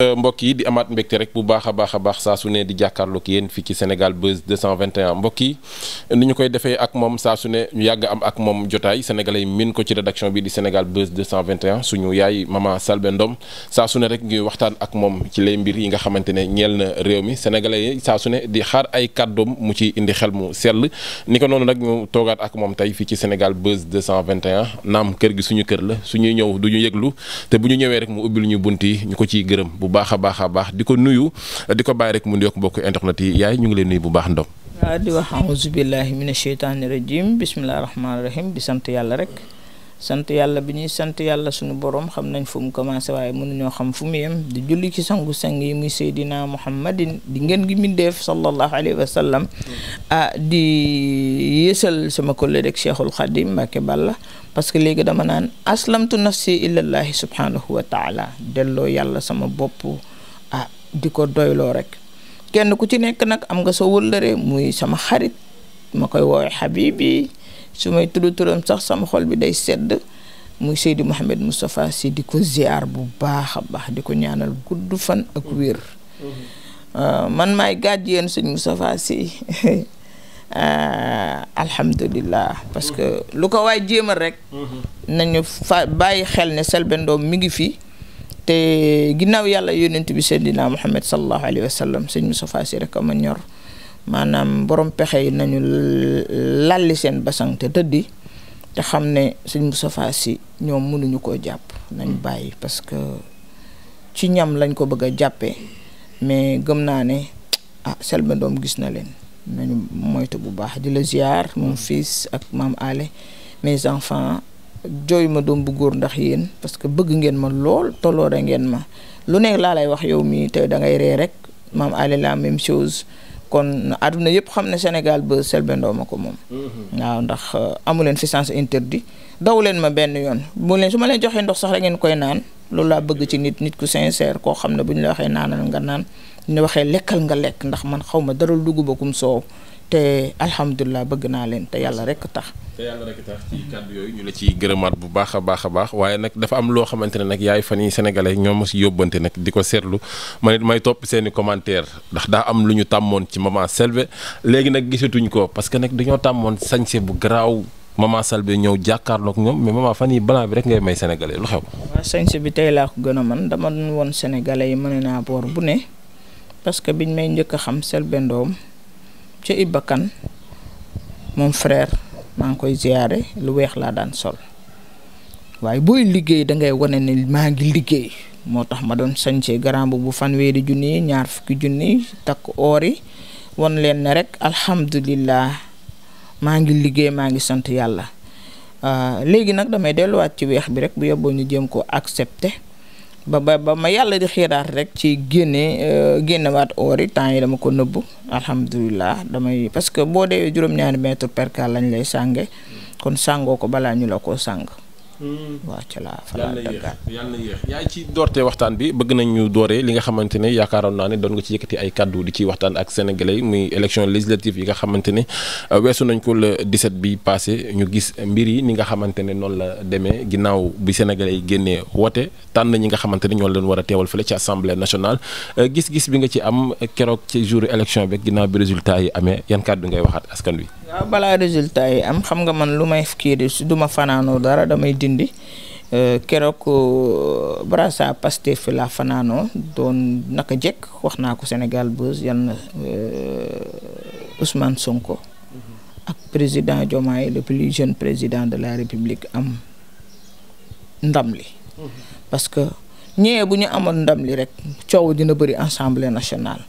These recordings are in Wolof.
Euh, mbokk yi di amaat mbégte rek bu baax a baax a baax saa su ne di jàkkaarloog yéen fii ci Sénégal Buzz 221 mbokk yi ni ñu koy defee ak moom saa su ne ñu yàgg am ak moom jotaay sénégalais yi min ko ci rédaction bi di Sénégal Buzz 221 suñu yaay mama Selbé Ndom saa su ne rek ñuy waxtaan ak moom ci lay mbir yi nga xamante ne ñeel na réew mi sénégalais saa su ne di xaar ay kàddoom mu ci indi xel mu sell ni ko noonu nag ñu toogaat ak moom tey fii ci Sénégal Buzz 221 naam kër gi suñu kër la suñuy ñëw du ñu yëglu te bu ñu ñëwee rek mu ubbil ñu bunt yi ñu ko ciy gërëm baax a baax a baax di ko nuyu di ko bàyyi rek mu yokk mbokk internet yi yaay ñu ngi leen nuyu bu baax ndom waaw di wax auzu billahi mina sheytaani rajim bismillahi rahmaani rahim di sant yàlla rek sant yàlla bi ñuy sant yàlla suñu borom xam nañ fu mu commencé waaye mënuñoo xam fu mu yem di julli ci sangu sang yi muy Seydina Muhammadin di ngeen gi mbindeef sallallahu alayhi wa sallam mm. ah di yéesal sama collègue rek Cheikhul Khadim Mbacke Balla parce que léegi dama naan aslamtu nafsi ilallahi subhanahu wa taala delloo yàlla sama bopp ah, di ko doyloo rek kenn ku ci nekk nag am nga sa wëllëre muy sama xarit ma koy woowee xabibi su may tudd turam sax sama xol bi day sedd muy Seydi Mouhamed Moustapha si di ko ziar bu baax a baax di ko ñaanal gudd fan ak wér euh, man maay gardien sëñ Moustapha Sy euh, alhamdulilah parce que lu ko waay jéemal rek nañu fa bàyyi xel ne Selbé Ndom mi ngi fi te ginnaaw yàlla yonent bi Seydina Mouhamed sallallahu alayhi wa sallam sëñ Moustapha Sy rek a ma ñor maanaam borom pexe yi nañu lalli seen basang te tëddi te xam ne sëñ Moustapha Sy ñoom mënuñu koo jàpp nañ bàyyi parce que ci ñam lañ ko bëgg a jàppee mais gëm naa ne ah Selbé Ndom gis na leen nañu moytu bu baax di la ziar moom fils ak maam Ale mes enfants jooy ma doom bu góor ndax yéen parce que bëgg ngeen ma lool tolloore ngeen ma lu nekk laa lay wax yow mi tey da ngay ree rek maam Ale la même chose kon àdduna yëpp xam ne Sénégal ba Selbé Ndom ma ko moom. Mm-hmm. waaw ndax euh, amu leen fi sens interdit daw leen ma benn yoon bu leen su ma leen joxee ndox sax rek ngeen koy naan loolu laa bëgg ci nit nit ku sincère koo xam ne bu ñu la waxee naanal nga naan ñu waxee lekkal nga lekk ndax man xaw ma dara dugub akum soow. te alhamdulilah bëgg naa leen te yàlla rek a tax ci kàddu yooyu ñu la ciy gërëmaat bu baax a baax a baax waaye nag dafa am loo xamante ne nag yaay fan yi sénégalais ñoo ma si yóbbante nag di ko seetlu ma it may topp seeni i ndax daa am lu ñu tàmmoon ci maman Selbé léegi nag gisatuñ ko parce que nag dañoo tàmmoon sañse bu garaaw maman Selbé ñëw jàkkaarloog ñoom mais maman fan yi balaa bi rek ngay may sénégalais lu xew. waaw sañse bi tey laa ko gën yi mën naa boor bu ne parce que biñ may njëkk a xam Selbé Ndom ca Iba Kane moom frère maa ngi koy ziyaare lu weex laa daan sol waaye booy liggéey dangay ngay wane ne maa ngi liggéey moo tax ma doon sañcee garamb bu fanweeri junni ñaar fukki junni takk oor yi wan leen ne rek alhamdulillah maa ngi liggéey maa ngi sant yàlla euh, léegi nag damay delluwaat ci weex bi rek bu yóbboo ñu jëm ko accepter. ba ba ba ma yàlla di xiiraat rek ci génne euh, génnewaat oor yi temps yi dama ko nëbbu alhamdulillah damay parce que boo dee juróom-ñaari mètre percal lañ lay sànge kon sàngoo ko balaa ñu la ko sàng Hmm. waaw ca la fa la daggaan yaa ngi ci doortee waxtaan bi bëgg nañ ñu dooree li nga xamante ne yaakaaroon naa ne doon nga ci yëkkati ay kàddu di ci waxtaan ak sénégalais yi muy élection législative yi nga xamante ne euh, weesu nañ ko le 17 bi passé ñu gis mbir yi ni nga xamante ne noonu la demee ginnaaw bi sénégalais yi génnee woote tànn ñi nga xamante ne ñoo leen war a teewal fële ci assemblée nationale euh, gis-gis bi nga ci am keroog ci jour élection bi ginnaaw bi résultat yi amee yan kàddu ngay waxaat askan wi waaw ah, balaa résultat yi am xam nga man lu may kii di du fanaanoo dara damay dindi euh, keroog euh, brasa Pastef la fanaanoo doon naka jekk wax naa ko Sénégal Buzz yal na euh, Ousmane Sonko ak président Diomaye le plus jeune président de la République am ndam li mhm. parce que ñëwee bu ñu amoon ndam li rek coow dina bëri Assemblée nationale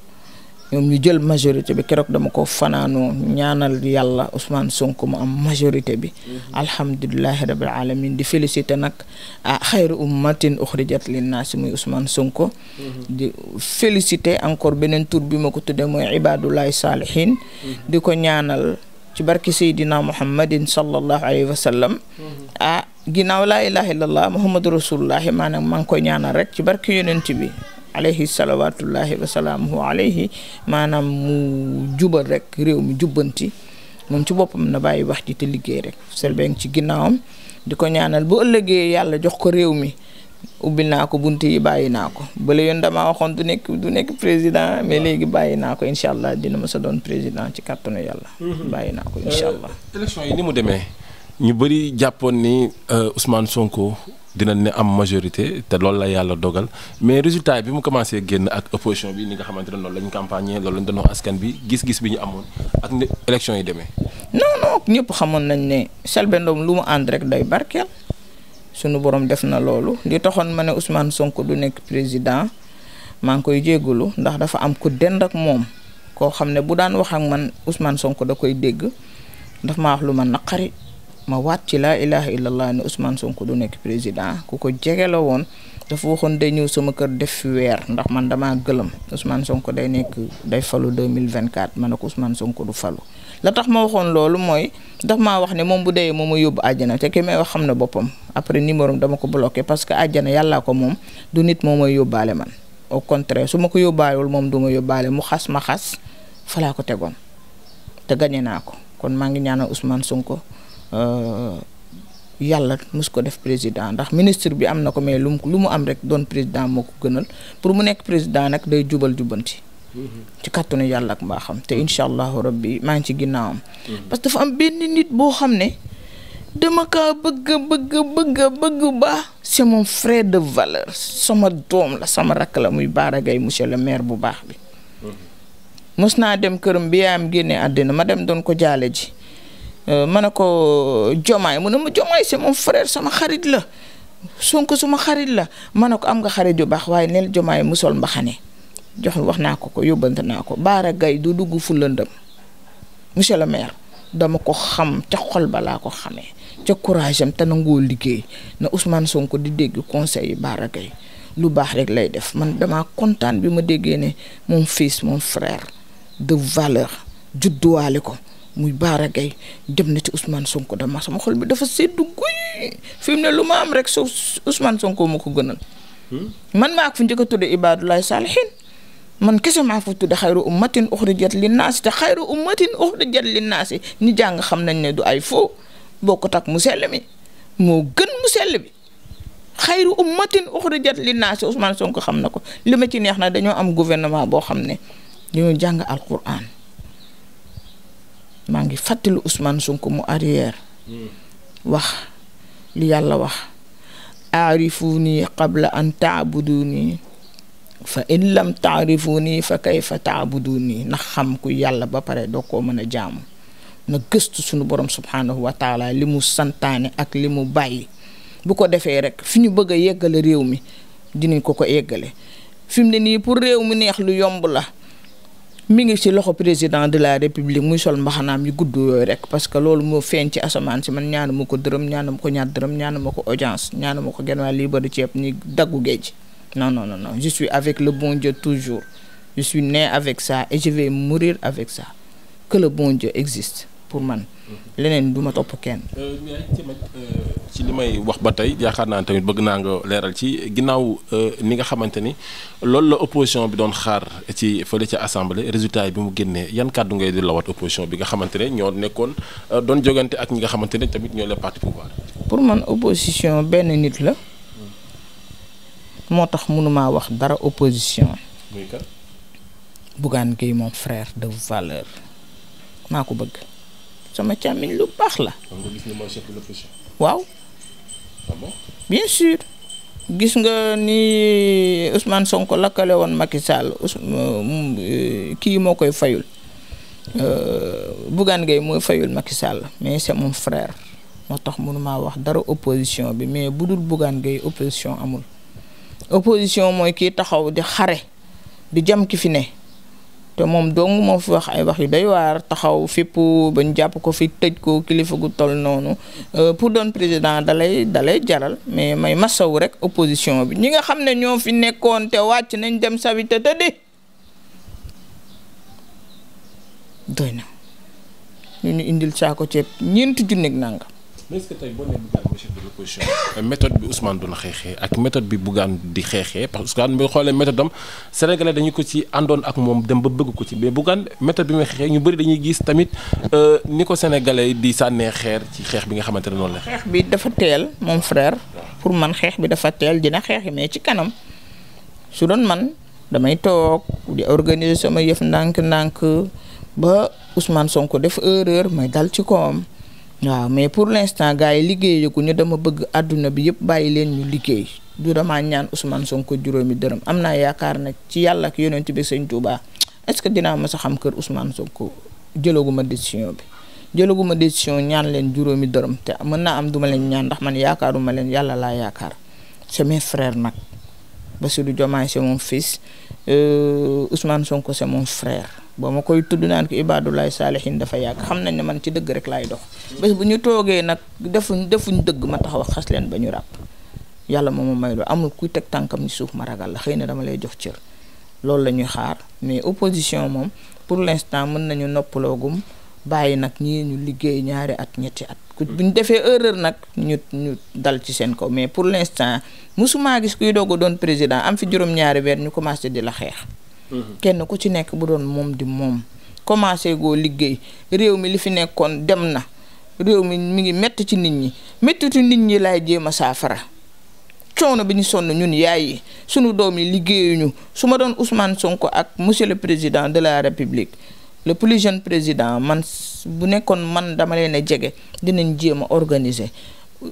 ñoom ñu jël majorité bi keroog dama ko fanaanoo ñaanal yàlla Ousmane Sonko mu am majorité bi mhm. alhamdulilahi rabbil alamin di félicité nag a ah, xayru ummatin uxrijat linnaasi muy Ousmane Sonko mhm. di félicité encore beneen tur bi ma ko tudde mooy ibadullahi saalihin mhm. di ko ñaanal ci barki seydina muhammadin sallallahu alayhi wa sallam ah ginnaaw laa ilaha illallah muhammadu rasulullahi maanaam maa ngi koy ñaanal rek ci barki yonent bi alayhi salawatullahi wa salaamuhu alayhi maanaam mu jubal rek réew mi jubbanti moom ci boppam na bàyyi wax ji te liggéey rek Selbé ci ginnaawam di ko ñaanal bu ëllëgee yàlla jox ko réew mi ubbil naa ko bunt yi bàyyi naa ko bala yoon damaa waxoon du nekk du nekk président mais léegi bàyyi naa ko incha allah dina ma sa doon président ci kàttanu yàlla. Mhm. bàyyi naa ko incha euh, allah. élection yi ni mu demee ñu bari jàppoon ni euh, Ousmane Sonko. dina ne am majorité te loolu la yàlla dogal mais résultat bi mu commencé génn ak opposition bi ni nga xamante ne loolu lañu campagne loolu lañu doon wax askan bi gis-gis bi ñu amoon ak ni élection yi demee. non non ñëpp xamoon nañ ne Selbé Ndom lu mu ànd rek day barkeel sunu borom def na loolu li taxoon ma ne Ousmane Sonko du nekk président maa ngi koy jégalu ndax dafa am ku dend ak moom koo xam ne bu daan wax ak man Ousmane Sonko da koy dégg daf ma wax lu ma waat ci laa ilaha illallah ne Ousmane Sonko du nekk président ku ko jege la woon dafa waxoon day ñëw sama kër def fi weer ndax man damaa gëlëm Ousmane Sonko day nekk day falu 2024 ma ne ko Ousmane Sonko du falu la tax ma waxoon loolu mooy daf maa wax ne moom bu dee moom ma yóbbu àjjana te xam na boppam après numéro dama ko bloqué parce que àjjana yàllaa ko moom du nit moo yóbbaale man o contraire su ma ko yóbbaalewul moom duma yóbbaale mu xas ma xas falaa ko tegoon te gañe naa ko kon maa ngi ñaanal Ousmane Sonko Euh, yàlla mus ko def président ndax ministre bi am na ko mais lu lu mu am rek doon président moo ko gënal pour mu nekk président nag day jubal jubanti mm-hmm. ci kàttanu yàlla ak mbaaxam te mm-hmm. incha allahu rabbi maa ngi ci ginnaawam. Mm-hmm. parce que dafa am benn nit boo xam ne dama kaa bëgg bëgg bëgg bëgg baax. c'est mon de valeur sama doom la sama rakk la muy baaragay Gaye monsieur le maire bu baax bi. mos naa dem këram bi yaayam génne àddina ma dem doon ko jaale ji. Euh, ma ne ko Diomaye mu ne ma Diomaye c'est mon frère sama xarit la Sonko suma xarit la ma ne ko am nga xarit yu baax waaye neel Diomaye mu sol mbaxane jox wax naa ko ko yóbbante naa ko Baara Gaye du dugg fu lëndëm monsieur le maire dama ko xam ca xol balaa laa ko xamee ca courage am te nangoo liggéey na Ousmane Sonko di dégg conseil yi Baara Gaye lu baax rek lay def man dama kontaan bi ma déggee ne moom fils mon frère de valeur judduwaale ko muy Baara Gaye dem na ci Ousmane Sonko dama sama xol bi dafa seddu guy fi mu ne lu ma am rek so Ousmane Sonko ma ko gënal. Hmm? man maa ko fi njëkk a tudd Ibadulahi Salihin man kese maa fa tudd xayru ummatin uxrijat linnaasi te xayru ummatin uxrijat linnaasi ñi jàng xam nañ ne du ay fo bokkut ak mu sell moo gën mu sell bi xayru ummatin uxrijat linnaasi Ousmane Sonko xam na ko li ma ci neex na dañoo am gouvernement boo xam ne ñu jàng alquran. maa ngi fàttali Ousmane Sonko mu arrière wax li yàlla wax aarifuni qabla an taabuduni fa in lam taarifuni fa kayfa taabuduni ndax xam ku yàlla ba pare doo koo mën a jaamu na gëstu sunu borom subhaanahu wa taala li mu santaane ak li mu bàyyi bu ko defee rek fi ñu bëgg a yeggale réew mi dinañ ko ko yeggale fi ne nii pour réew mi neex lu yomb la mi ngi si loxo président de la république muy sol mbaxanaam yu gudd yooyu rek parce que loolu moo feeñ ci asamaan si man ñaanu ma ko dërëm ñaanu ko ñaar dërëm ñaanu ko audience ñaanu ma ko genn waa liibaru ceeb ñi daggu géej non non non non je suis avec le bon Dieu toujours je suis né avec ça et je vais mourir avec ça que le bon Dieu existe pour man leneen du ma topp kenn. Euh, euh, ci li may wax ba tey yaakaar naa tamit bëgg naa nga leeral ci ginnaaw euh, ni nga xamante ni loolu la opposition bi doon xaar ci fële ca assemblée résultat yi bi mu génnee yan kàddu ngay di lawaat opposition bi nga xamante ne ñoo nekkoon doon jogante ak ñi nga xamante ne tamit ñoo la parti pouvoir. pour man opposition benn nit la. moo tax mënumaa wax dara opposition. Bougane Gueye moom frère de valeur maa ko bëgg. sama càmmiñ lu baax la. waaw. Ah bien sûr. gis nga ni Ousmane Sonko lakkale woon Macky Sall euh, kii moo koy fayul euh, Bougane Gueye mooy fayul Macky Sall mais c'est mon frère moo tax mënumaa wax dara opposition bi mais bu dul Bougane Gueye opposition amul opposition mooy kii taxaw di xare di jam ki fi ne. te moom dong moo fi wax ay wax yu doy waar taxaw fépp ba ñu jàpp ko fi tëj ko kilifa gu toll noonu euh, pour doon président dalay dalay jaral mais may masow rek opposition bi ñi nga xam ne ñoo fi nekkoon te wàcc nañ dem sawi te tëddi doy na ñu ñu indil saako ceeb ñeenti junneeg nangam. mais est-ce que tey méthode bi Ousmane doon xeexee ak méthode bi Bougane di xeexee parce que Ousmane boo xoolee méthode am sénégalais dañu ko ci àndoon ak moom dem ba bëgg ko ci mais Bougane méthode bi muy xeexee ñu bëri dañuy gis tamit euh, ni ko sénégalais di sànnee xeer ci xeex bi nga xamante ne noonu la. xeex bi dafa teel moom frère pour man xeex bi dafa teel dina xeex mais ci kanam su doon man damay toog di organiser ma yëf ndànk-ndànk ba Ousmane ko def erreur may dal ci koom. waaw mais pour l'instant gars yi liggéeyagu ñu dama bëgg àdduna bi yëpp bàyyi leen ñu liggéey du dama ñaan Ousmane Sonko juróomi dërëm am naa yaakaar na ci yàlla ak yonent bi sëñ Touba est-ce que dinaa mës a xam kër Ousmane Sonko jëlaguma décision bi jëlaguma décision ñaan leen juróomi dërëm te mën naa am duma leen ñaan ndax man yaakaaruma leen yàlla laa yaakaar c'est mes frères nag Bassirou Diomaye c'est mon fils euh, Ousmane Sonko c'est mon frère. boo ma koy tudd naan ko ibaadulaay saalihin dafa yàgg xam nañ ne man ci dëgg rek laay dox bés bu ñu toogee nag defuñ defuñ dëgg ma taxaw xas leen ba ñu ràpp yàlla moom may lu amul kuy teg tànkam ni suuf ma ragal la xëy na dama lay jox cër loolu la ñuy xaar mais opposition moom pour l'instant mën nañu noppaloogum bàyyi nag ñii ñu liggéey ñaari at ñetti at bu ñu defee erreur nag ñu ñu dal ci seen kaw mais pour l'instant mësumaa gis kuy doog a doon président am fi juróom-ñaari weer ñu commencé di la xeex Mm-hmm. kenn ku ci nekk bu doon moom di moom commencé goo liggéey réew mi li fi nekkoon dem na réew mi mi ngi métti ci nit ñi méttitu nit ñi laay jéem a saafara coono bi ñu sonn ñun yaay yi sunu doom yi liggéeyuñu su ma doon Ousmane Sonko ak monsieur le président de la République le plus président man bu nekkoon man dama leen a jege dinañ jéem a organiser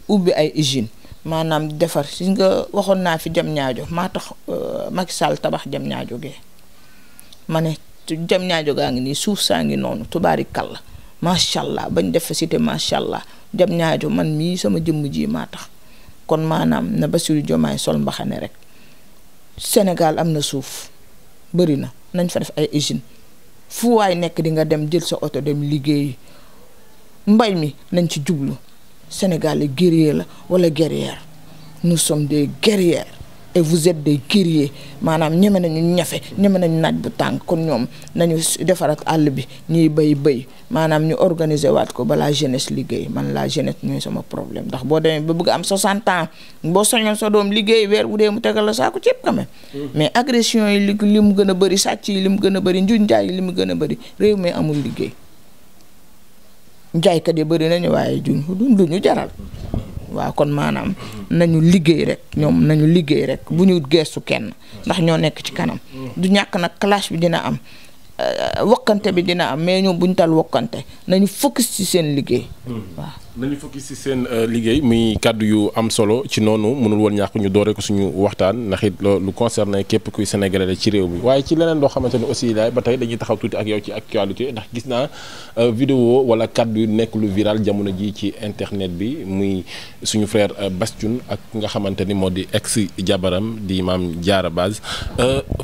ubbi ay usine maanaam defar si nga waxoon naa fi jam ñaajo maa tax euh, mag Sall tabax jam ñaajo gee ma ne jam ñaajo gaa ngi nii suuf saa ngi noonu tubaari la macha allah bañ def cité macha allah jam ñaajo man mii sama jëmm ji maa tax kon maanaam na Bassirou Diomaye sol mbaxane rek Sénégal am na suuf bëri na nañ fa def ay usine fu waay nekk di nga dem jël sa oto dem liggéeyi mbay mi nañ ci jublu Sénégal yi guerrier la wala guerrière nu sommes des guerrières et vous êtes des guerriers maanaam ñeme nañu ñafe ñeme nañu naaj bu tàng kon ñoom nañu defaraat àll bi ñuy béy béy maanaam ñu organiser waat ko balaa jeunesse liggéey man laa jeunesse ñooy sama problème ndax boo demee ba bugg am 60 ans boo soñoon sa doom liggéey weer bu dee mu tegal la saako ceeb quand même mm-hmm. mais agression yi li li mu gën a bëri sàcc yi li mu gën a bëri njuñ njaay li mu gën a bëri réew mi amul liggéey njaaykat yi bëri nañu waaye duñ duñu waaw kon maanaam nañu liggéey rek ñoom nañu liggéey rek bu ñu geestu kenn ndax ñoo nekk ci kanam du ñàkk nag clash bi dina am euh, wokkante bi dina am mais ñoom buñ tal wokkante nañu focus ci seen liggéey hmm. waaw nañu focus ci seen euh, liggéey muy kàddu yu am solo ci noonu mënul woon ñàkk ñu doore ko suñu waxtaan ndax it lu concerné képp kuy sénégalais ci réew mi waaye ci leneen loo xamante ne aussi laay ba tey dañuy taxaw tuuti ak yow ci actualité ndax gis naa euh, vidéo wala kàddu yu nekk lu jamono ji ci internet bi muy suñu frère euh, Bastoun ak nga xamante ni moo di ex jabaram di maam Diarra Baz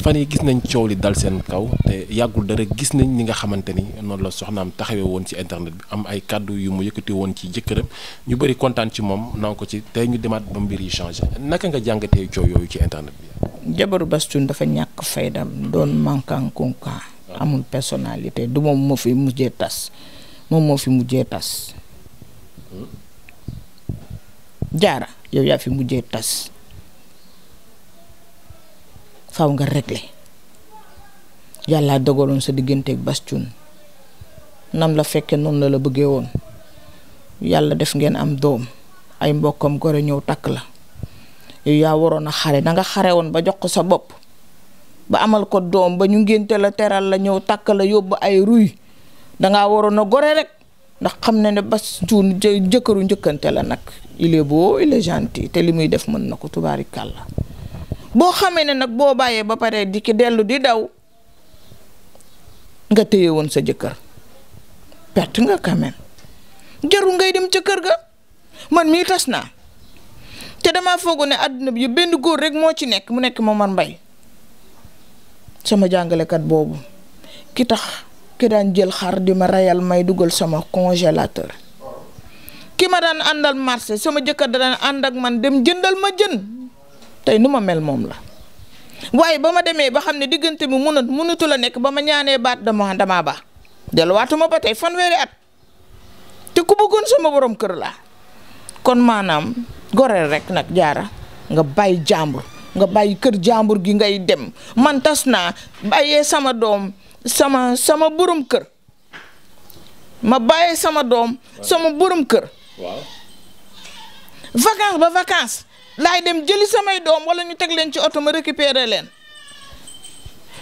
fan yi gis nañ coow li dal seen kaw te yàggul dara gis nañ ni nga xamante ni noonu la soxnaam taxawee woon ci internet bi am ay kàddu yu mu yëkkati woon ci jëkkëram ñu bari kontaan ci moom nangu ko ci tey ñu demaat ba mbir yi changé naka nga jàngatee coow yooyu ci internet bi. jabaru Bastoun dafa ñàkk faydam doon mankan kunka ah. amul personnalité du moom moo fi mujjee tas moom moo fi mujjee tas. Hmm? jaara yow yaa fi mujjee tas faw nga régler yàlla dogaloon sa digganteek Bastoun nam la fekkee noonu la la bëggee woon. yàlla def ngeen am doom ay mbokkam gore ñëw takk la yaa waroon a xare danga nga xare woon ba jox ko sa bopp ba amal ko doom ba ñu ngénte la teral la ñëw takk la yóbbu ay ruy danga waroon a gore rek ndax xam na ne Bass Thioung jëkkëru njëkkante la nag il est beau il te li muy def mën na ko tubaari kàlla boo xamee ne nag boo bàyyee ba pare di ki dellu di daw nga téye woon sa jëkkër perte nga quand jarul ngay dem ca kër ga man mii tas naa te dama foogoon ne àdduna bi yëpp benn góor rek moo ci nekk mu nekk man mbay sama jàngalekat boobu ki tax ki daan jël xar di ma reyal may dugal sama congélateur ki ma daan àndal marché sama jëkkër da daan ànd man dem jëndal ma jën tey nu ma mel moom la waaye ba ma demee ba xam ne diggante bi munut munutu la nekk ba ma ñaanee baat dama damaa ba delluwaatuma ba tey fanweeri at te ku bëggoon sama borom kër laa kon maanaam goreel rek nag jaara nga bàyyi jàmbur nga bàyyi kër jàmbur gi ngay dem mantas naa bàyyee sama doom sama sama borom kër ma bàyyee sama doom sama borom kër waaw vacance ba vacance laay dem jëli samay doom wala ñu teg leen ci oto ma récupérer leen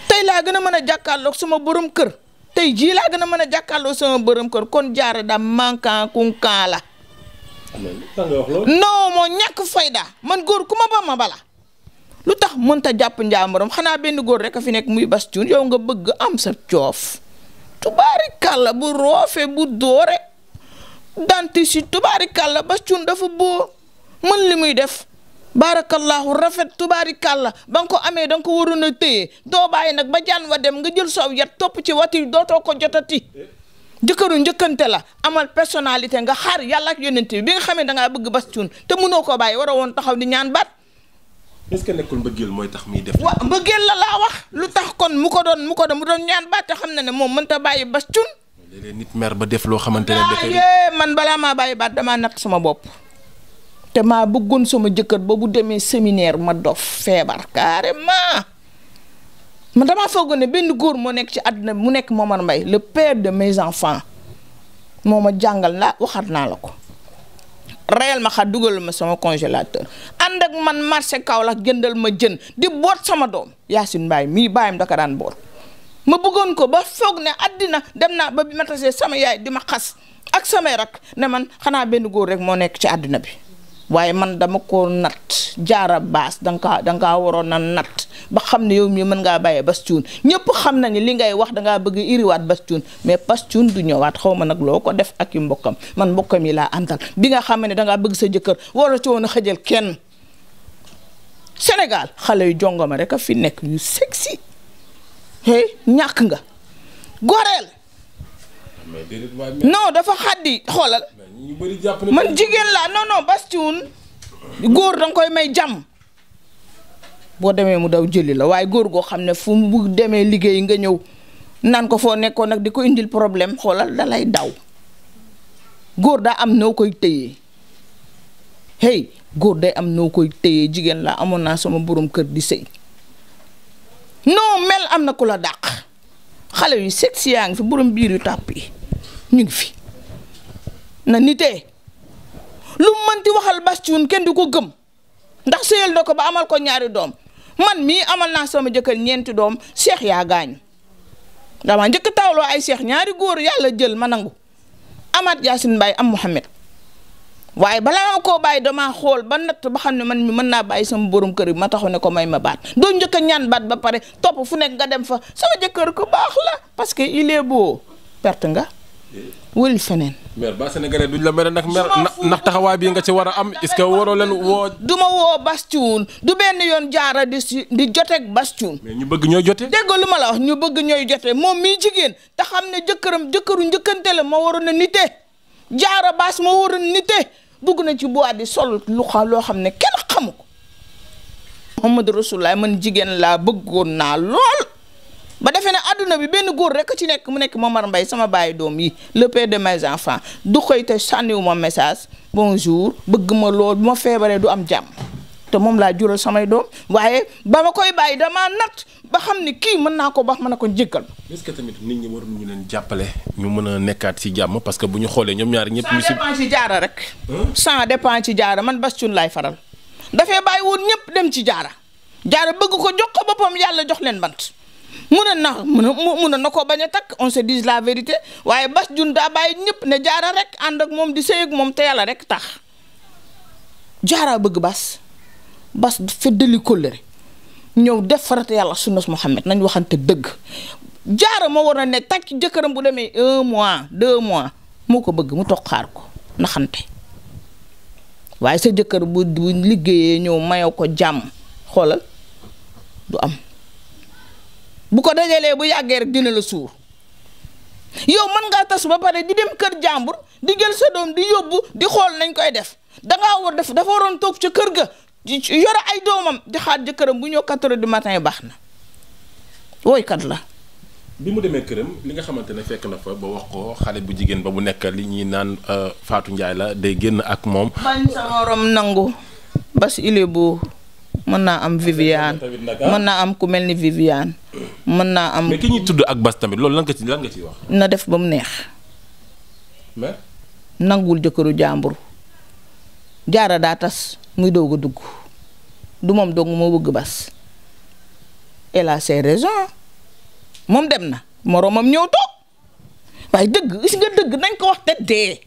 tey laa gën a mën a jàkkaarloog sama borom kër tey jii laa gën a mën a jàkkaarloo sama bërëm kër kon jaare da mankan kunkan la non moo ñàkk fayda man góor ku ba ma bala lu tax mënta jàpp njaamuram xanaa benn góor rek a fi nekk muy bas cuun yow nga bëgg am sa coof tubaarikàlla bu roofe bu doore danti si tubaarikàlla bas cuun dafa boo mën li muy def baarakallaahu rafet tubaarikàlla ba nga ko amee da nga ko waroon a téye doo bàyyi nag ba jaan wa dem nga jël soow yat topp ci wati dootoo ko jotati jëkkëru njëkkante la amal personnalité nga xaar yàlla ak yonent bi nga xamee da ngaa bëgg bas cuun te mënoo ko bàyyi war a woon taxaw ni ñaan baat. est-ce que mbëggeel mooy tax muy def. waaw mbëggeel la laa wax lu tax kon mu ko doon mu ko doon mu doon ñaan baat te xam na ne moom mënta bàyyi bas cuun. ba def loo xamante ne. man balaa maa bàyyi baat damaa natt sama bopp. te maa bëggoon sama jëkkër ba bu demee séminaire ma dof feebar carrément man damaa foogoon ne benn góor moo nekk ci àdduna mu nekk Momar mbay le père de mes enfants moo ma jàngal la waxaat naa la ko reyal ma xar dugal ma sama congélateur ànd ak man marché Kaolack jëndal ma jën di boot sama doom Yacine Mbaye mii bàyyam daka daan boot ma bëggoon ko ba foog ne àddina dem naa ba bi ma tasee sama yaay di ma xas ak samay rak ne man xanaa benn góor rek moo nekk ci àdduna bi waaye man dama ko natt jaara baas da nga kaa da waroon na natt ba xam ne yow mii mën ngaa bàyyee bas Thioung ñëpp xam nañ ni li ngay wax da ngaa bëgg iriwaat Bass Thioung mais Bass Thioung du ñëwaat xaw ma nag loo ko def ak yu mbokkam man mbokkam yi laa àndal bi nga xam ne da ngaa bëgg sa jëkkër waroo ci woon a xëjal kenn Sénégal xale yu jongama rek a fi nekk yu sexy hey ñàkk nga goreel non dafa xaddi xoolal ñu bëri jàpp ne man jigéen laa non non góor danga koy may jàmm boo demee mu daw jëli la waaye góor goo xam ne fu mu demee liggéey nga ñëw naan ko foo nekkoon nag di ko indil problème xoolal da lay daw góor daa am noo koy téye hey góor day am noo koy téye jigéen laa amoon naa sama borom kër di sëy non mel am na ku la dàq xale yu sexy yaa ngi fi borom biir yu tàpp ñu ngi fi. na nitee lu mu mënti waxal Bass Thioung kenn du ko gëm ndax sëyal na ko ba amal ko ñaari doom man mii amal naa sama jëkkër ñeenti doom seex yaa gaañu dama njëkk tawloo ay seex ñaari góor yàlla jël ma nangu amaat Yaasin Mbaye am Mouhamed waaye balaa ma koo bàyyi damaa xool ba natt ba xam ne man mi mën naa bàyyi sama borom kër ma taxu ne ko may ma baat doo njëkk ñaan baat ba pare topp fu nekk nga dem fa sama jëkkër ko baax la parce que il est perte nga. wëri feneen. maire ba Sénégalais duñ la mere nag maire ndax taxawaay bii nga ci war a am est-ce que waroo leen woo. du ma woo Bastoun du benn yoon jaara di si di joteeg Bastoun. mais ñu bëgg ñooy jote. dégg lu ma la wax ñu bëgg ñooy jote moom mii jigéen te xam ne jëkkëram jëkkëru njëkkante la ma waroon a nite jaara baas ma waroon a nite dugg na ci bois di sol lu loo xam ne kenn xamu ko. Muhammadu Rasulullah man jigéen laa bëggoon naa lool. ba defee ne àdduna bi benn góor a ci nekk mu nekk Momar Mbaye sama bàyyi doom yi le père de mes enfants du koy te sànniwu ma message bonjour bëgg ma lool bu ma feebaree du am jàmm te moom laa jural samay doom waaye ba ma koy bàyyi damaa natt ba xam ni kii mën naa ko baax mën na ko jéggal. ce que tamit nit ñi waroon ñu leen jàppale ñu mën a nekkaat ci jàmm parce que bu ñu xoolee ñoom ñaar ñëpp. ñu si dépend ci jaara rek. sans dépend ci jaara man bas cun laay faral dafay bàyyi woon ñëpp dem ci jaara jaara bëgg ko jox ko yàlla jox leen bant. mënoon na mënoon na koo bañ a takk on se dise la vérité waaye Bas Diouf daa bàyyi ñëpp ne jaara rek ànd ak moom di sëy ak moom te yàlla rek tax jaara bëgg Bas Bas feddali kóllëre ñëw def farata yàlla sunna Muhammad nañ waxante dëgg jaara moo war a ne takk jëkkëram bu demee un mois deux mois moo ko bëgg mu toog xaar ko naxante waaye sa jëkkër bu bu liggéeyee ñëw mayoo ko jàmm xoolal du am. bu ko dajalee bu yàggee rek dina la suur yow mën ngaa tas ba pare di dem kër jàmbur di jël sa doom di yóbbu di xool nañ koy def dangaa war def dafa waroon toog ca kër ga yore ay doomam di xaar jëkkëram bu ñëw quatre heures du matin baax na woykat la. bi mu demee këram li nga xamante ne fekk na fa ba wax ko xale bu jigéen ba bu nekk li ñuy naan euh, faatu Ndiaye la day génn ak moom. man sa morom nangu bas il est beau mën naa am Viviane ah. mën naa am ku mel ni Viviane mën naa am. mais ki tudd ak Bas tamit loolu lan nga ci lan nga wax. na def ba mu neex. nanguwul jëkkëru jàmbur jaara daa tas muy doog a dugg du moom dong moo bëgg Bas elle a ses moom dem na moroomam ñëw toog waaye dëgg gis nga dëgg nañ ko wax te dee.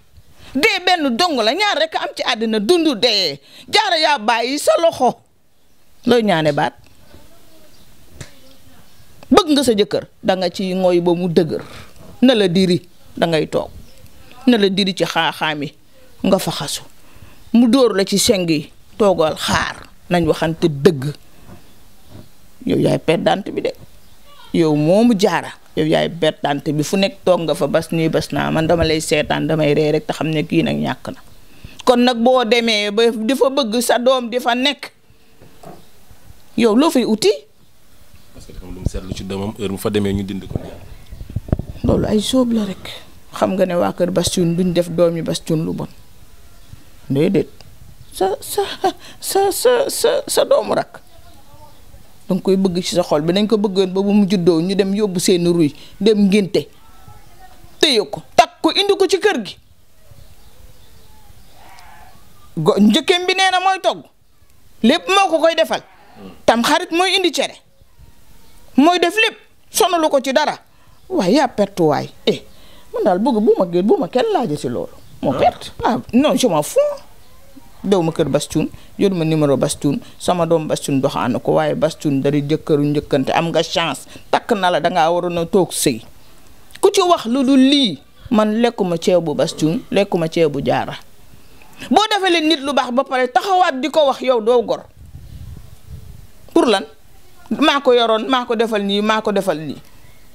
dee benn dong la ñaar rekk am ci àddina dund dee jaara yaa bàyyi sa loxo looy ñaane baat bëgg nga sa jëkkër danga ci ngooy ba mu dëgër na la diri dangay toog na la diri ci xaaxaami nga fa xasu mu dóor la ci seng yi toogal xaar nañ waxante dëgg yow yaay perdante bi de yow moomu jaara yow yaay perdante bi fu nekk toog nga fa bas nii bas naa man dama lay seetaan damay ree rek te xam ne kii nag ñàkk na kon nag boo demee ba di bëgg sa doom di fa nekk yow loo fay uti. parce que xam bu fa demee ñu dind loolu ay sóob la rek xam nga ne waa kër Bastoun duñ def doomi Bastoun lu bon déedéet sa sa sa sa sa sa doomu rag danga koy bëgg ci sa xol bi dañ ko bëggoon ba bu mu juddoo ñu dem yóbbu seeni ruy dem ngénte téye ko takk ko indi ko ci kër gi go njëkkeem bi nee na mooy togg lépp moo ko koy defal tam xarit mooy indi cere mooy def lépp sonalu ko ci dara waaye yaa perte waay eh man daal bëgg bu kenn laaja loolu moo ah. perte ah non je m'en fous dew ma kër Bastoun yor ma numéro Bastoun sama doom Bastoun doxaana ko waaye Bastoun dari jëkkëru njëkkante am nga chance takk na la dangaa waroon a toog sëy ku ci wax lu dul lii man lekkuma ceew bu Bastoun lekkuma ceew bu jaara boo defalee nit lu baax ba pare taxawaat di ko wax yow doo gor pour lan maa ko yoroon maa ko defal nii maa ko defal nii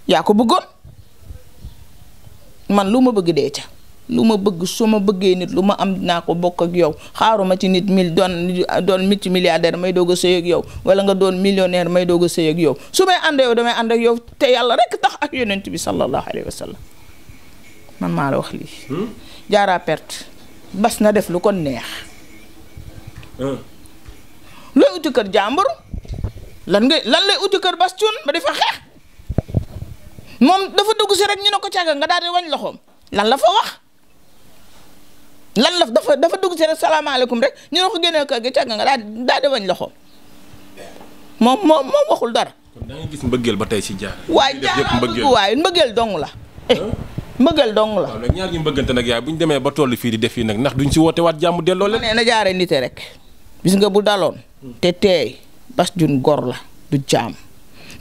yaa ko bëggoon man lu ma bëgg dee ca lu ma bëgg su ma bëggee nit lu ma am dinaa ko bokk ak yow xaaruma ci nit mil doon doon multi may doog a sëy ak yow wala nga doon millionnaire may doog a sëy ak yow su may ànd yow damay ànd ak yow te yàlla rek tax ak yonent bi sallallahu alayhi wa sallam man maa la wax lii. Hmm? jaaraa perte bas na def lu ko neex. Hmm. looy uti kër jàmbur. lan ngay lan lay uti kër Bass Thioune ba di fa xeex moom dafa dugg si rek ñu ne ko càgga nga daal di wañ loxoom lan la fa wax lan la dafa dafa dugg si rek salaamaaleykum rek ñu ne ko génnee kër gi càgga nga daa di wañ loxoom moom moom waxul dara. kon da nga gis mbëggeel ba tey si jaar. waay jaaraama waay mbëggeel dong la. Eh, mbëggeel dong la waaw ñaar ñu mbëggante nag yaay bu ñu demee ba toll fii di def fii nag ndax duñ si woote waat jàmm delloo leen. nee na jaaree nite rek gis nga bu daloon te teey Bass jun gor la du jaam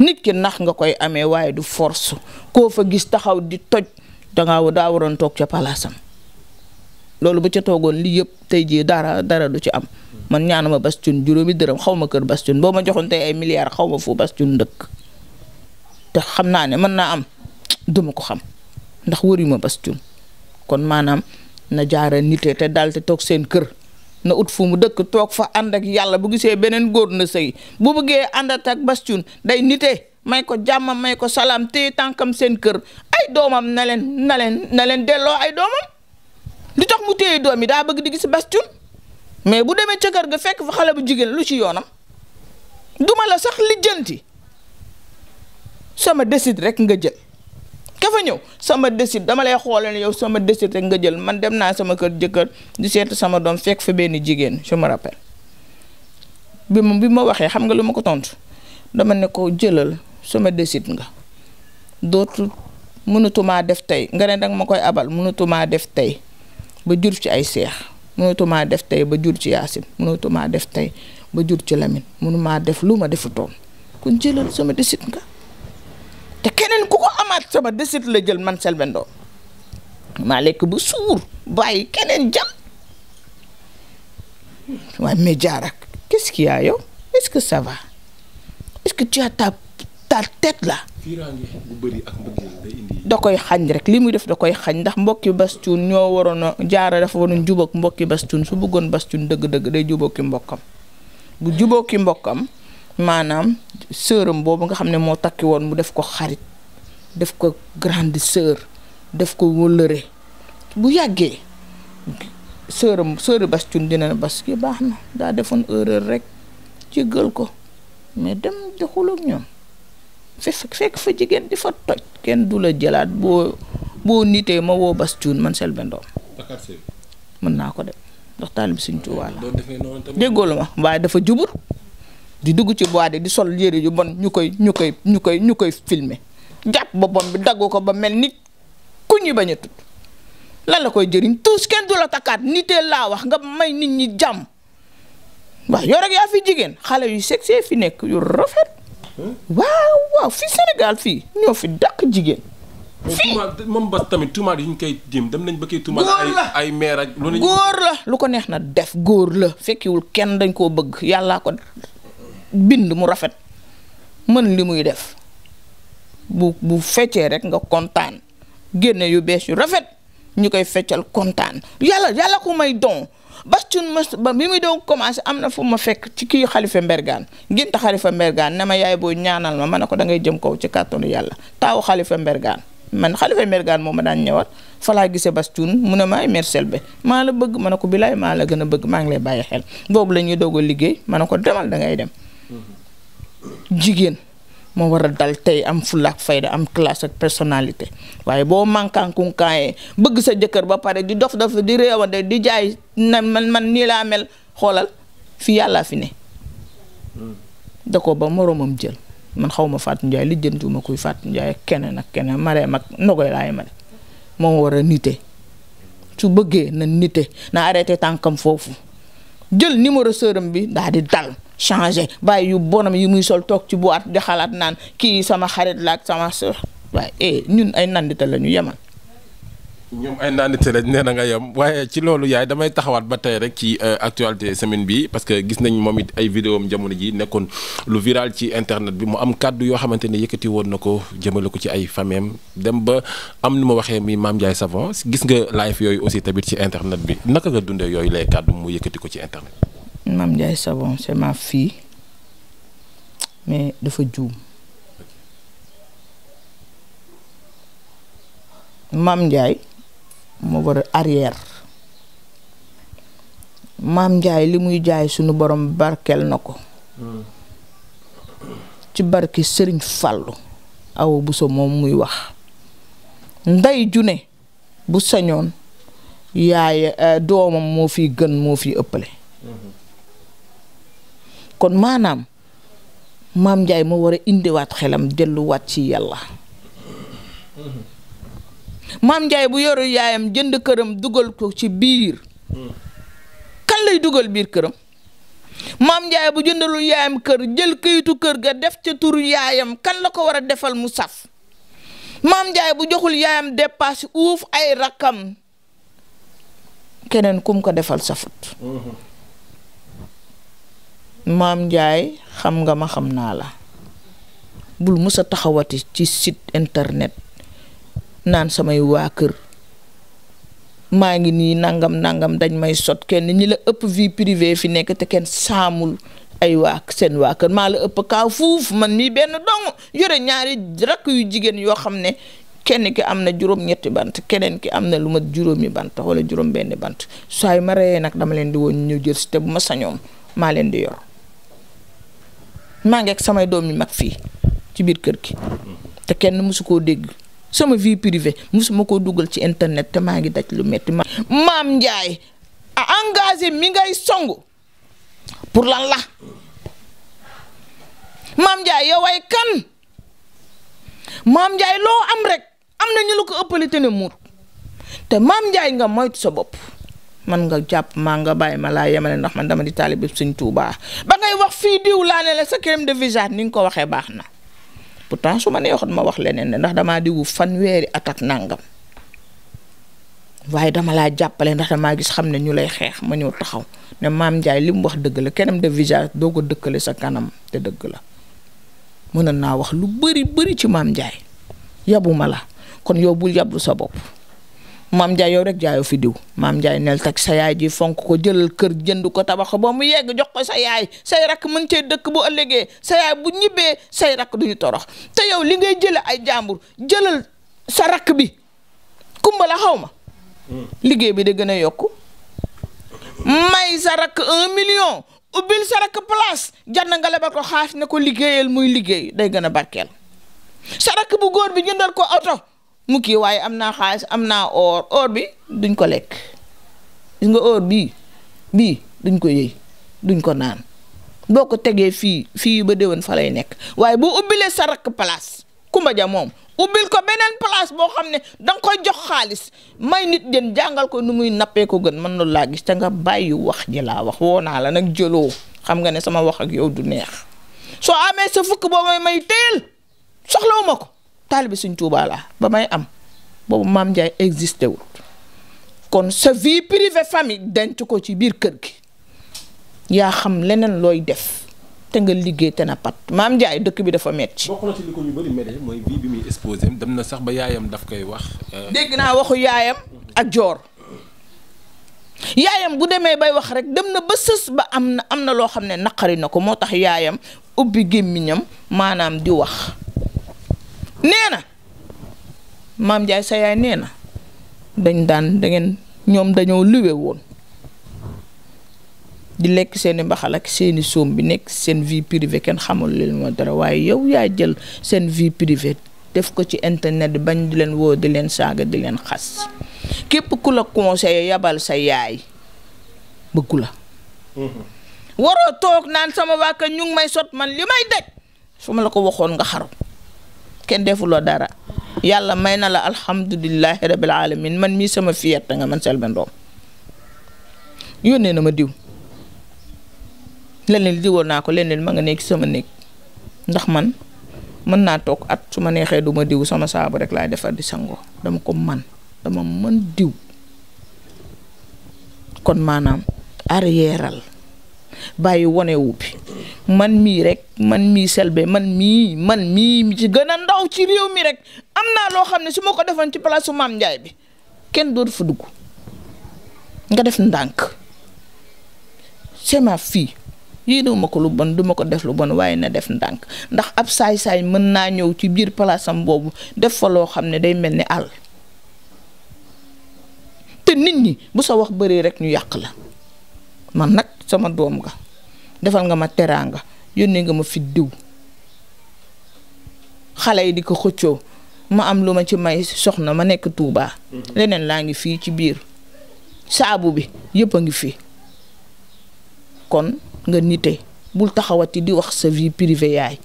nit ki nax nga koy amee waaye du force koo fa gis taxaw di toj danga daa waroon toog ca palaasam loolu bu ca toogoon li yëpp tey jii dara dara du ci am man ñaanuma Bass Thioung juróomi dërëm xaw ma kër Bass Thioung boo ma joxoon tey ay milliards xaw ma fu Bass Thioung dëkk te xam naa ne mën naa am duma ko xam ndax wëruma Bass Thioung kon maanaam na jaara nite te daal te toog seen kër na ut fu mu dëkk toog fa ànd ak yàlla bu gisee beneen góor na sëy bu bëggee àndat ak Bastoun day nite may ko jàmm may ko salaam téye tànkam seen kër ay doomam na leen na leen na leen delloo ay doomam li tax mu téye doom yi daa bëgg di gis Bastoun mais bu demee ca kër ga fekk fa xale bu jigéen lu ci yoonam duma la sax lijjanti sama décide rek nga jël ka fa ñëw sama décide dama lay xoolal yow sama décide rek nga jël man dem naa sama kër jëkkër di seet sama doom fekk fa benn jigéen je me rappelle bi ma waxee xam nga lu ma ko tontu dama ne ko jëlal sama décide nga dootul mënatumaa def tey nga ne danga ma koy abal mënatumaa def tey ba jur ci ay seex mënatumaa def tey ba jur ci yaasin mënatumaa def tey ba jur ci lamin mënumaa def lu ma defutoon kon jëlal sama décide nga te keneen ku ko amaat sama desit la jël man Selbé maa lekk bu suur bàyyi keneen jam waaye mais jaarak quest yow est-ce que ça va est-ce da koy xañ rek li muy def da koy xañ ndax mbokki bastuun ñoo waroon a jaara dafa waroon jubóog mbokki bastuun su bëggoon bastuun dëgg-dëgg day jubóog ki mbokkam bu jubóog ki mbokkam. maanaam sëram boobu nga xam ne moo takki woon mu def ko xarit def ko grande sœur def ko wëllëre bu yàggee sëram sëru Bass Thioung dina ne Bass ki baax na daa defoon erreur rek jéggal ko mais dem di xuloog ñoom fekk fekk fa jigéen di fa toj kenn du la jëlaat boo boo nitee ma woo Bass man Selbé Ndom mën naa ko def ndax taalibe Sëriñ Tuubaa la déggoo la ma waaye dafa jubur di dugg ci bois de di sol yére yu bon ñu koy ñu koy ñu koy ñu koy filmer jàpp boppam bi dagg ko ba mel ni ku ñu bañ a tudd lan la koy jëriñ tous kenn du la takkaat nitee laa wax nga may nit ñi jàmm waaw yow rek yaa fi jigéen xale yu sexy fi nekk yu rafet waaw waaw fii Sénégal fii ñoo fi dàq jigéen. fii moom ba tamit tuumaal yi ñu koy dem nañ ba koy tuumaal ay góor la lu ko neex na def góor la fekkiwul kenn dañ koo bëgg yàllaa ko. bind mu rafet mën li muy def bu bu feccee rek nga kontaan génne yu bees yu rafet ñu koy feccal kontaan yàlla yàlla ko may don bas cun mas ba bi muy doon commencé am na fu ma fekk ci kii xalifa mbergaan génta xalifa mbergaan ne ma yaay boo ñaanal ma ma ne ko dangay jëm kaw ci kàttanu yàlla taaw xalifa mbergaan man xalifa mbergaan moo ma daan ñëwat falaa gisee bas cun mu ne maay mercel be maa la bëgg ma ne ko bilaay maa la gën a bëgg maa ngi lay bàyyi xel boobu la ñuy doog a liggéey ma ne ko demal da ngay dem jigéen moo war a dal tey am fulla fayda am classe ak personnalité waaye boo mankankunkaayee bëgg sa jëkkër ba pare di dof dof di réewande di jaay na man man nii laa mel xoolal fi yàlla fi ne da ko ba moroomam jël man xaw ma Fatou Ndiaye li kuy Fatou Ndiaye keneen ak keneen maree mag nogoy laay mare moom war a nite su bëggee na nite na arrêté tànkam foofu jël numéro sëram bi daa di dal changé bàyyi yu bonam yi muy sol toog ci bu at di xalaat naan kii sama xarit la ak sama sœur waaye eh, ñun ay nandita la ñu yemal ñoom ay naanite lañ nee na nga yem waaye ci loolu yaay damay taxawaat ba tey rek ci euh, actualité semaine bi parce que gis nañ moom it ay vidéo am jamono ji nekkoon lu viral ci internet bi mu am kàddu yoo xamante ne yëkkati woon na ko jëmale ko ci ay fameem dem ba am nu ma waxee muy Mame Ndiaye Savon gis nga live yooyu aussi tamit ci internet bi naka nga dundee yooyu lay kàddu mu yëkkati ko ci internet. Mame Ndiaye Savon c'est ma fille mais dafa juum. moo war a maam Njaay li muy jaay sunu borom barkeel na ko ci barki sëriñ fàllu awa buso moom muy wax ndey june bu sañoon yaay eh, doomam moo fi gën moo fi ëppale kon maanaam maam Njaay moo war a indiwaat xelam delluwaat ci yàlla maam Ndiaye bu yoru yaayam jënd këram dugal ko ci biir kan lay dugal biir këram maam njaay bu jëndalul yaayam kër jël këyitu kër ga def ca turu yaayam kan la ko war a defal mu saf maam Ndiaye bu joxul yaayam dépasse uuf ay rakam keneen kum ko defal safut maam njaay xam nga ma xam naa la bul musa taxawati ci site internet naan samay waa kër maa ngi nii nangam nangam dañ may sot kenn ñi la ëpp vie privée fi nekk te kenn saamul ay waa seen waa kër maa la ëpp kaaw fuuf man mii benn dong yore ñaari rakk yu jigéen yoo xam ne kenn ki am na juróom-ñetti bant keneen ki am na lu mat juróomi bant wala juróom-benn bant saa ma reyee nag dama leen di woon ñu jël te bu ma sañoom maa leen di yor maa ngi ak samay doom yu mag fii ci biir kër gi mm-hmm. te kenn mësu koo dégg. sama vie privée musuma koo dugal ci internet te maa ngi daj lu metti ma maam Ndiaye a engagé mi ngay songu pour lan la maam Ndiaye yow ay kan maam njaay loo am rek am na ñu la ko ëppale te ne muur te maam Ndiaye nga moytu sa bopp man nga jàpp maa nga bàyyi ma laa yemale ndax man dama di taalibe Sëñ Tuubaa ba ngay wax fii diw laa ne la sa crème de visage ni nga ko waxee baax na pourtant su ma neexoon ma wax leneen ndax damaa diwu fanweeri at ak nàngam waaye dama laa jàppale ndax damaa gis xam ne ñu lay xeex ma ñëw taxaw ne maam Ndiaye li mu wax dëgg la kenam de visage doo ko dëkkale sa kanam te dëgg la mënoon naa wax lu bëri bari ci maam Ndiaye yabuma la kon yow bul yablu sa bopp. maam Ndiaye yow rek jaayoo fi diw maam Ndiaye nel sa yaay ji fonk ko jëlal kër jënd ko tabax ko ba mu yegg jox ko sa yaay say rakk mën cee dëkk bu ëllëgee sa yaay bu ñibbee say rakk duñu torox te yow li ngay jële ay jàmbur jëlal sa rakk bi kumba la xaw ma hmm. liggéey bi da gën a yokku may sa rakk un million ubbil sa rakk place jànn ne ko liggéeyal muy liggéey day gën a barkeel sa rakk bu góor bi jëndal ko oto mu kii waaye am naa xaalis am naa or or bi duñ ko lekk gis nga or bii bii duñ ko yëy duñ ko naan boo ko tegee fii fii ba déwén fa lay nekk waaye boo ubbilee sa rakk place Kumba Ja moom ubbil ko beneen place boo xam ne da nga koy jox xaalis may nit jën jàngal ko nu muy nappee ko gën man loolu laa gis te nga bàyyi wax ji laa wax woo naa la nag jëloo xam nga ne sama wax ak yow du neex soo amee sa fukk boo may may teel soxlawu ko taalibe Sëñ Tuubaa laa ba may am boobu Maam njaay existé wul kon sa vie privée famille denc ko ci biir kër gi yaa xam leneen looy def te nga liggéey te na pat Maam Ndiaye dëkk bi dafa metti bokk mooy dem na sax ba yaayam daf koy wax. Euh, dégg naa waxu yaayam ak joor yaayam bu demee bay wax rek dem na ba sës ba am na am na loo xam ne naqari na ko moo tax yaayam ubbi gémmiñam maanaam di wax. nee na maam Ndiaye sa yaay nee na dañ daan dangeen ñoom dañoo luwe woon di lekk seeni mbaxal ak seeni soom bi nekk seen vie privée kenn xamul li ma dara waaye yow yaa jël seen vie privée def ko ci internet bañ di leen woo di leen saaga di leen xas képp ku la conseillé yabal sa yaay bëggu la. Mm-hmm. waroo toog naan sama waa kër ñu may sot man li may daj su ma la ko waxoon nga xaru. kenn defuloo dara yàlla may na la alhamdulilahi rabil alamin man mii sama fierté nga man Selbé Ndom yónnee na ma diw leneen diwoon naa ko leneen ma nga nekk sama néeg ndax man mën naa toog at su ma neexee du ma diw sama saabu rek laay defar di sangoo dama ko man dama mën diw kon maanaam arrièreal bàyyi wonewu bi man mii rek man mii Selbé man mii man mii mi ci gën a ndaw ci réew mi rek am naa loo xam ne su ma ko defoon ci palaasu su maam Ndiaye bi kenn dootu fa dugg nga def ndànk c'est fii fille yéenewu ko lu bon duma ko def lu bon waaye na def ndànk ndax ab saay-saay mën naa ñëw ci biir palaasam boobu def fa loo xam ne day mel ni àll te nit ñi bu sa wax bëree rek ñu yàq la man nag sama doom nga defal nga ma teraanga yónnee nga ma fi diw xale yi di ko xëccoo ma am lu ma ci may soxna ma nekk Touba. Mhm. leneen laa ngi fii ci biir saabu bi yépp a ngi fii kon nga nite bul taxawati di wax sa vie privée yaay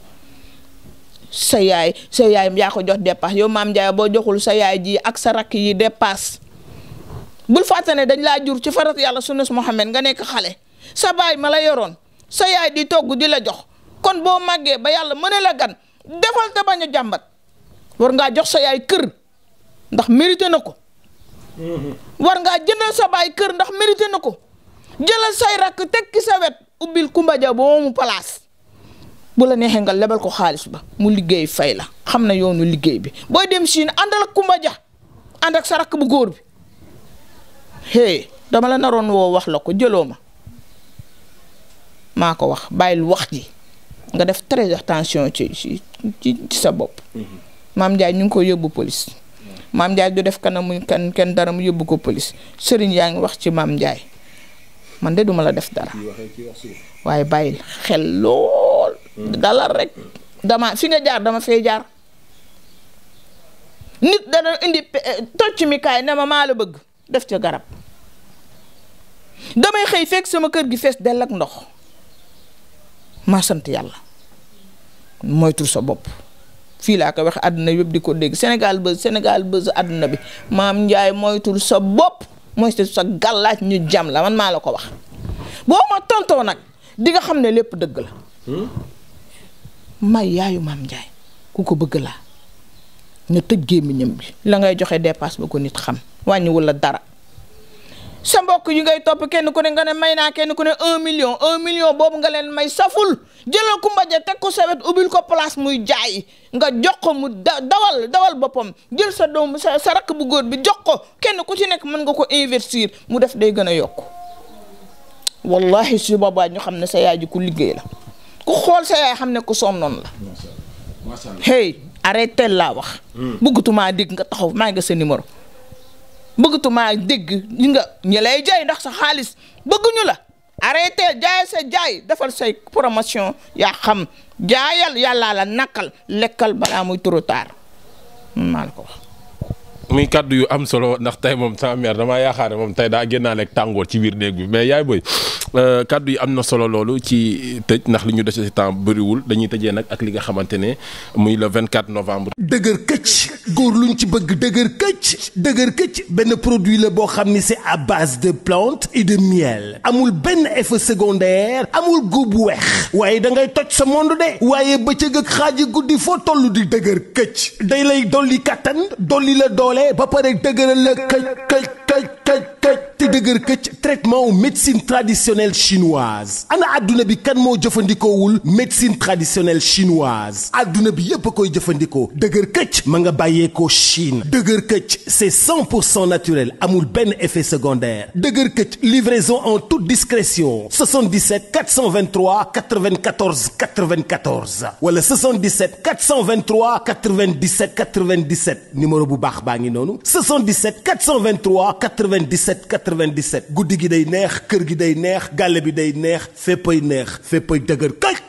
sa yaay sa yaay yaa ko jox dépasse yow maam Ndiaye boo joxul sa yaay jii ak sa rakk yi dépasse bul fàttane dañ laa jur ci farat yàlla su sunnas Muhammad nga nekk xale sa baay ma la yoroon sa yaay di togg di la jox kon boo màggee ba yàlla mën la gan defal te bañ jàmbat war ngaa jox sa yaay kër ndax mérité na ko war ngaa jëndal sa baay kër ndax mérité na ko jëlal say rakk tekki sa wet ubbil Kumba Ja boo mu place bu la neexee nga lebal ko xaalis ba mu liggéey fay la xam na yoonu liggéey bi boo dem Chine àndal ak Kumba Ja ànd sa rakk bu góor bi hey dama la naroon woo wax la ko jëloo ma maa ko wax bàyyil wax ji nga def très attention ci ci ci sa bopp. Mhm. maam Ndiaye ñu ngi koy yóbbu police. Mhm. maam Ndiaye du def kanamu kenn kenn dara mu yóbbu ko police sëriñ yaa ngi wax ci maam Ndiaye man de duma la def dara. waaye bàyyil xel lool. Mhm. dalal rek dama fi nga jaar dama fee jaar. nit dana indi eh, tocc mi kaay ne ma maa la bëgg def ca garab damay xëy fekk sama kër gi fees dell ak ndox. maa yàlla moytul sa bopp fii laa ko wax àdduna yëpp di ko dégg Sénégal ba Sénégal ba àdduna bi maam Ndiaye moytul sa bopp moytul sa gàllaaj ñu jam la man maa la ko wax boo ma tontoo nag di nga xam ne lépp dëgg la hmm? may yaayu maam njaay ku ko bëgg laa na tëj gémmiñam bi la ngay joxe dépasse ba ko nit xam wàññiwul la dara sa mbokk yi ngay topp kenn ku ne nga ne may naa kenn ku ne un million un million boobu nga leen may saful jëlal ku mbaje teg ko sa wet ko place muy jaay nga jox ko mu da dawal dawal boppam jël sa doom sa sa rakk bu góor bi jox ko kenn ku ci nekk mën nga ko investir mu def day gën a yokk wallahi su boobaa ñu xam ne sa yaay ji ku liggéey la ku xool sa yaay xam ne ku soom noon la hey arrêté laa wax hmm. bëggatumaa digg nga taxaw maa ngi sa numéro bëggatumaa dégg ñi nga ñi lay jaay ndax sa xaalis bëgguñu la arrêté jaay sa jaay defal say promotion yaa xam jaayal yàllaa la nakal lekkal balaa muy trop tard maa la ko muy kàddu yu am solo ndax tey moom sa mère damaa yaakaar ne moom tey daa génnaaleeg tàngoor ci biir néeg bi mais yaay boy Euh, kàddu yi am na solo loolu ci tëj ndax li ñu dese ci temps bëriwul dañuy tëjee nag ak li nga xamante ne muy le 24 novembre. dëgër këcc góor lu ñu ci bëgg dëgër këcc dëgër këcc benn produit la boo xam ni c'est à base de plantes et de miel amul benn effet secondaire amul góob bu weex waaye da ngay toj sa monde de waaye bëccëg ak xaaj guddi foo toll di dëgër këcc day lay dolli kattan dolli la doole ba pare dëgëral la këcc këcc këcc këcc te dëgër këcc traitement médecine traditionnelle chinoise ana adduna bi kan moo jëfandikoowul médecine traditionnelle chinoise adduna bi yépp koy jëfandikoo dëgër këcc ma nga bàyyee bàyyeekoo Chine dëgër këcc c'est 100 pour cent naturel amul benn effet secondaire dëgër këcc livraison en toute discrétion 77 423 94 94 wala 77 423 97 97 numéro bu baax baa ngi noonu 77 423 97 97 guddi gi day neex kër gi day neex gale bi day neex féppay neex féppay dëgër kay